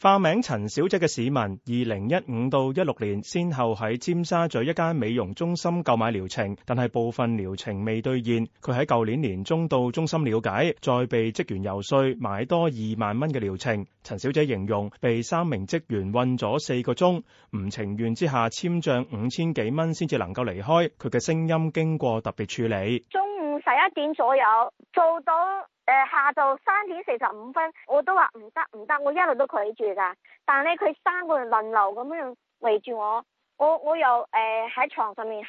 化名陳小姐嘅市民，二零一五到一六年先後喺尖沙咀一間美容中心購買療程，但係部分療程未兌現。佢喺舊年年中到中心了解，再被職員游說買多二萬蚊嘅療程。陳小姐形容被三名職員困咗四個鐘，唔情願之下簽賬五千幾蚊先至能夠離開。佢嘅聲音經過特別處理。中午十一點左右做到，誒，下晝三點四十五分，我都話唔得，唔得，我一路都拒絕噶。但係咧，佢三個人輪流咁樣圍住我，我我又誒喺、呃、床上面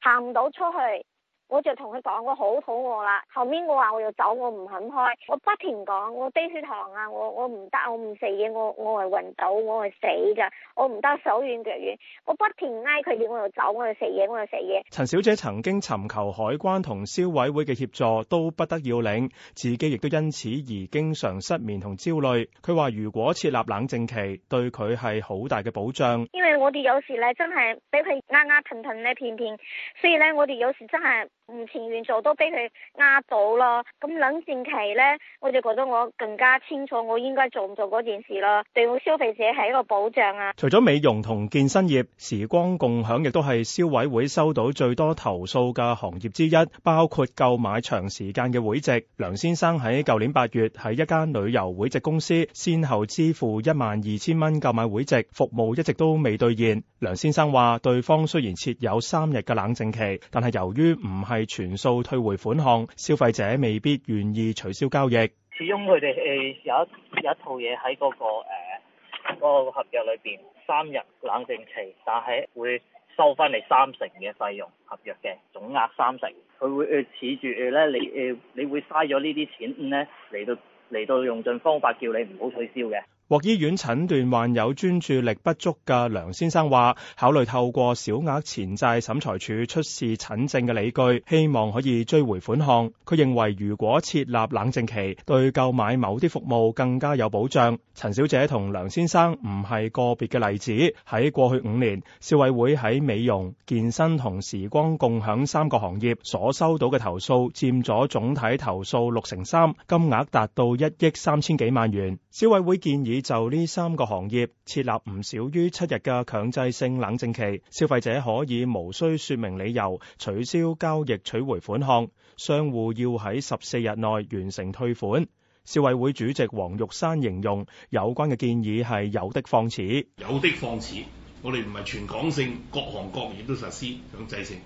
行唔到出去。我就同佢講，我好肚餓啦。後面我話我又走，我唔肯開，我不停講，我低血糖啊，我我唔得，我唔食嘢，我我係暈倒，我係死噶，我唔得手軟腳軟，我不停拉佢要我又走，我又食嘢，我又食嘢。陳小姐曾經尋求海關同消委會嘅協助，都不得要領，自己亦都因此而經常失眠同焦慮。佢話如果設立冷靜期，對佢係好大嘅保障。因為我哋有時咧真係俾佢呃呃氹氹咧，片片。所以咧我哋有時真係。唔情願做都俾佢呃到咯，咁冷靜期呢，我就覺得我更加清楚我應該做唔做嗰件事咯，對我消費者係一個保障啊。除咗美容同健身業，時光共享亦都係消委會收到最多投訴嘅行業之一，包括購買長時間嘅會籍。梁先生喺舊年八月喺一間旅遊會籍公司，先後支付一萬二千蚊購買會籍，服務一直都未兌現。梁先生話，對方雖然設有三日嘅冷靜期，但係由於唔係係全數退回款項，消費者未必願意取消交易。始終佢哋係有一有一套嘢喺嗰個誒、呃嗰個合約裏邊，三日冷靜期，但係會收翻嚟三成嘅費用合約嘅總額三成，佢會誒恃住誒咧，你誒你會嘥咗呢啲錢，咧嚟到嚟到用盡方法叫你唔好取消嘅。獲醫院診斷患有專注力不足嘅梁先生話，考慮透過小額錢債審裁處出示診證嘅理據，希望可以追回款項。佢認為如果設立冷靜期，對購買某啲服務更加有保障。陳小姐同梁先生唔係個別嘅例子。喺過去五年，消委會喺美容、健身同時光共享三個行業所收到嘅投訴，佔咗總體投訴六成三，金額達到一億三千幾萬元。消委會建議。就呢三個行業設立唔少於七日嘅強制性冷靜期，消費者可以無需説明理由取消交易，取回款項，商戶要喺十四日內完成退款。消委會主席黃玉山形容有關嘅建議係有的放矢，有的放矢。我哋唔係全港性各行各業都實施強制性，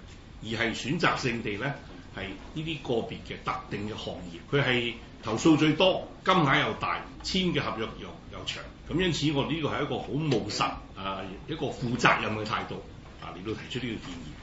而係選擇性地呢，係呢啲個別嘅特定嘅行業，佢係投訴最多，金額又大，簽嘅合約又又長。咁因此我哋呢個係一個好務實啊，一個負責任嘅態度。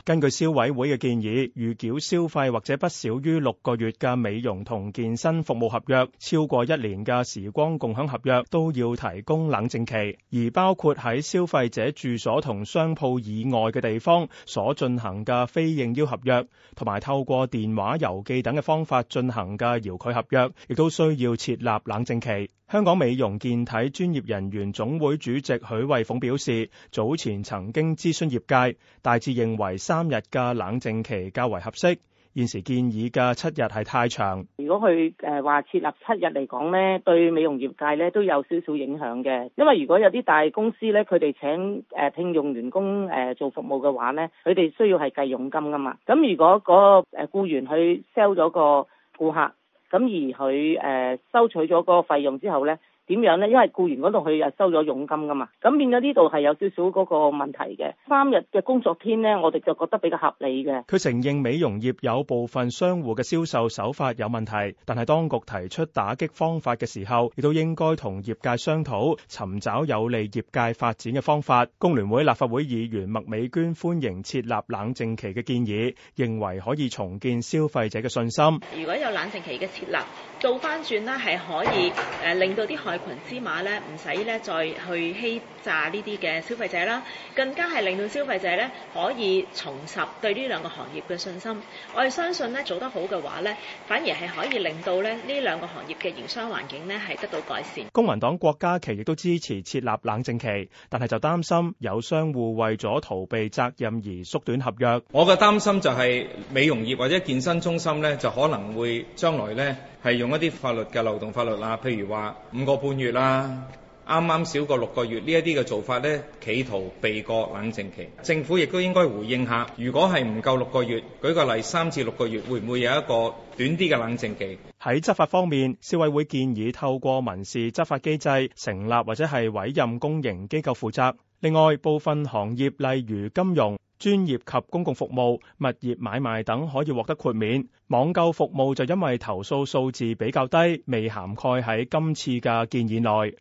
根據消委會嘅建議，預繳消費或者不少於六個月嘅美容同健身服務合約，超過一年嘅時光共享合約都要提供冷靜期，而包括喺消費者住所同商鋪以外嘅地方所進行嘅非應邀合約，同埋透過電話、郵寄等嘅方法進行嘅遙距合約，亦都需要設立冷靜期。香港美容健體專業人員總會主席許慧鳳表示，早前曾經諮詢業界，大致認為三日嘅冷靜期較為合適，現時建議嘅七日係太長。如果佢誒話設立七日嚟講咧，對美容業界咧都有少少影響嘅。因為如果有啲大公司咧，佢哋請誒聘用員工誒做服務嘅話咧，佢哋需要係計佣金噶嘛。咁如果嗰個誒僱員去 sell 咗個顧客。咁而佢誒、呃、收取咗嗰個費用之後咧。點樣呢？因為僱員嗰度佢又收咗佣金㗎嘛，咁變咗呢度係有少少嗰個問題嘅。三日嘅工作天呢，我哋就覺得比較合理嘅。佢承認美容業有部分商戶嘅銷售手法有問題，但係當局提出打擊方法嘅時候，亦都應該同業界商討，尋找有利業界發展嘅方法。工聯會立法會議員麥美娟歡迎設立冷靜期嘅建議，認為可以重建消費者嘅信心。如果有冷靜期嘅設立。倒翻轉咧，係可以誒令到啲害羣之馬咧，唔使咧再去欺詐呢啲嘅消費者啦，更加係令到消費者咧可以重拾對呢兩個行業嘅信心。我哋相信咧做得好嘅話咧，反而係可以令到咧呢兩個行業嘅營商環境咧係得到改善。公民黨郭家麒亦都支持設立冷靜期，但係就擔心有商戶為咗逃避責任而縮短合約。我嘅擔心就係美容業或者健身中心咧，就可能會將來咧係用。用一啲法律嘅漏洞法律啦，譬如話五個半月啦，啱啱少過六個月呢一啲嘅做法咧，企圖避過冷靜期。政府亦都應該回應下，如果係唔夠六個月，舉個例，三至六個月，會唔會有一個短啲嘅冷靜期？喺執法方面，消委會建議透過民事執法機制成立或者係委任公營機構負責。另外，部分行業例如金融。專業及公共服務、物業買賣等可以獲得豁免，網購服務就因為投訴數字比較低，未涵蓋喺今次嘅建議內。